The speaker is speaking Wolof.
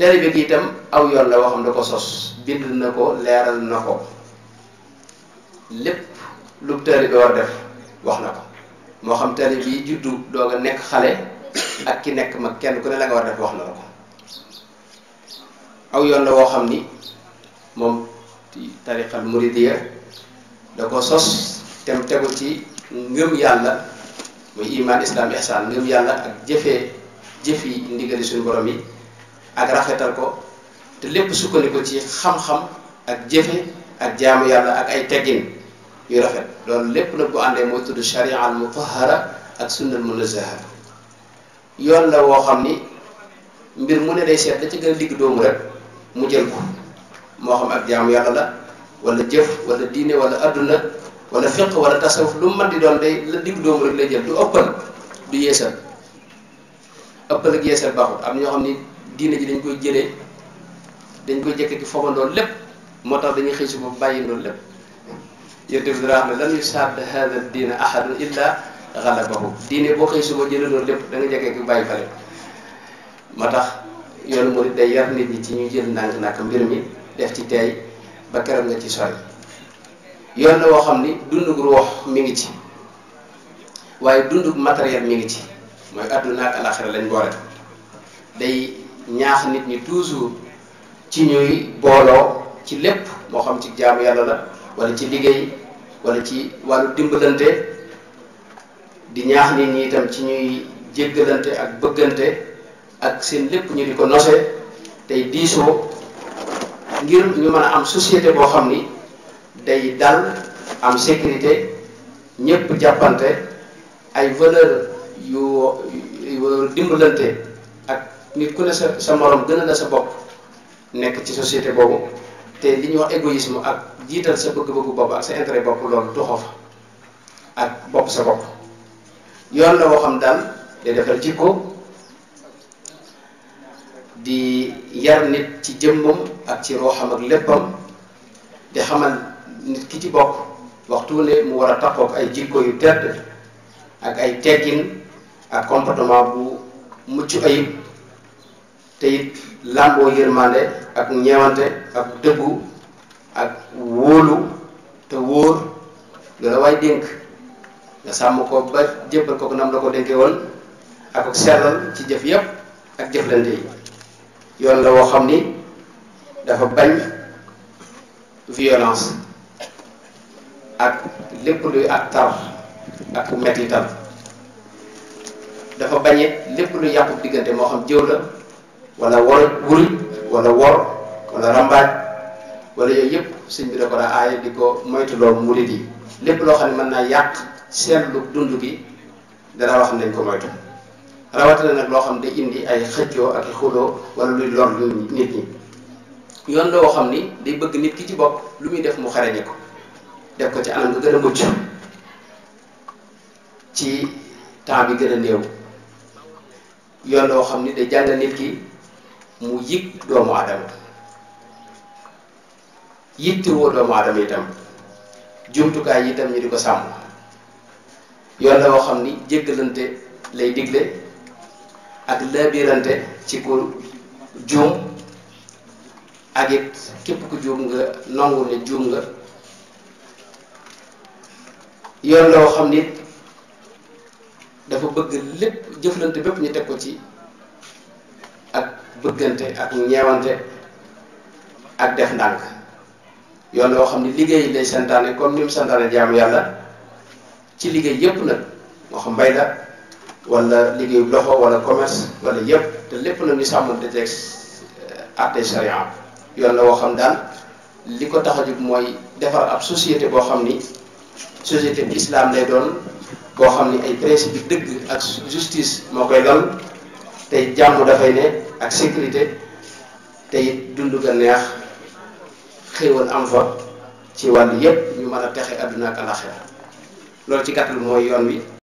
tere bi ki itam aw yoon la xam da ko sos bind na ko leeral na ko lépp lu tere bi war def wax na ko moo xam tere bi juddu doo a nekk xale ak ki nekk mag kenn ku ne la nga war def wax na la ko aw yoon la woo xam ni moom ci tariqal muridiya da ko sos te mu tegu ci ngëm yàlla muy iman islam ihsan ngëm yàlla ak jëfee jëf yi ndigali suñu borom yi ak rafetal ko te lépp sukkandiku ci xam-xam ak jëfe ak jaamu yàlla ak ay teggin yu rafet loolu lépp nag bu àndee mooy tudd sharia al mutahara ak sunnal munazaha yoon la woo xam ni mbir mu ne day seet la ci gën a digg doomu rek mu jël ko moo xam ak jaamu yàlla la walla jëf wala diine wala àdduna wala fiq wala tasawuf lu mën di doon day la digg doomu rek lay jël du ëppal du yeesal ëppal ak yeesal baaxul am ñoo xam ni diine ji dañ koy jëlee dañ koy jëkk ki foogandoo lépp moo tax dañuy xëy suba bàyyindoo lépp yonte bi dara xam ne lan yusadd hada diina ahadun illa galabahu diine boo xëy suba jëlandoo lépp da nga jëkk ki bàyyi fale moo tax yoonu murid day yar nit ñi ci ñu jël ndànk naka mbir mi def ci tey ba keroog nga ci sori yoon la woo xam ni dundug ruux mi ngi ci waaye dundug matériel mi ngi ci mooy àdduna ak alaxira lañ boole day ñaax nit ñi toujours ci ñuy booloo ci lépp moo xam ci jaamu yàlla la wala ci liggéey walla ci wàllu dimbalante di ñaax nit ñi itam ci ñuy jéggalante ak bëggante ak seen lépp ñu di ko nose tey diisoo ngir ñu mën a am société boo xam ni day dal am sécurité ñëpp jàppante ay valeur yu dimbalante nit ku ne sa sa morom gën a sa bopp nekk ci société boobu te li ñuy wax égoïsme ak jiital sa bëgg-bëggu bopp ak sa intérêt bopp loolu doxoo fa ak bopp sa bopp yoon la woo xam daal day defal jikko di yar nit ci jëmmam ak ci rooxam ak léppam di xamal nit ki ci bokk waxtu ne mu war a taxook ay jikko yu tedd ak ay teggin ak comportement bu mucc ayib te it làmboo yërmande ak ñeewante ak dëggu ak wóolu te wóor loola waay dénk nga sàmm ko ba jébbal ko nam la ko dénkee woon ak ak ci jëf yépp ak jëflante yi yoon la woo xam ni dafa bañ violence ak lépp luy ak tar ak mettital dafa bañee lépp lu yàqu diggante moo xam jëw la wala wor wuruj wala wor wala rambaaj wala yooyu yëpp sëñ bi ko daa aaye di ko moytuloo murid yi lépp loo xam ne mën naa yàq seetlu dund gi dana wax nañ ko moytu rawatina nag loo xam ne day indi ay xëccoo ak xuloo wala luy lor nit ñi yoon loo xam ni day bëgg nit ki ci bokk lu muy def mu xarañe ko def ko ci anam nga gën a mucc ci temps bi gën a néew yoon loo xam ni day jàngal nit ki mu yëg doomu aadama yittewoo doomu aadama itam jumtukaay yi itam ñu di ko sàmm yoon la woo xam ni jéggalante lay digle ak labirante ci ku juum ak it képp ku juum nga nangu ne juum nga yoon la woo xam ni dafa bëgg lépp jëflante bépp ñu teg ko ci bëggante ak ñeewante ak def ndànk yoon woo xam ne liggéey lay santaane comme ni mu santaane jaamu yàlla ci liggéey yépp nag moo xam mbay la wala liggéeyu loxo wala commerce wala yépp te lépp nag ñu sàmmante teg eh, àtte sharia yoon la woo xam daal li ko tax a jóg mooy defar ab société boo xam ni société bi islam lay doon koo xam ni ay principe dëgg ak justice moo koy lal te jàmm dafay ne ak sécurité tey it dund neex xéewal am fa ci wàll yépp ñu mën a texe àdduna ak alaxira loolu ci gàttal mooy yoon wi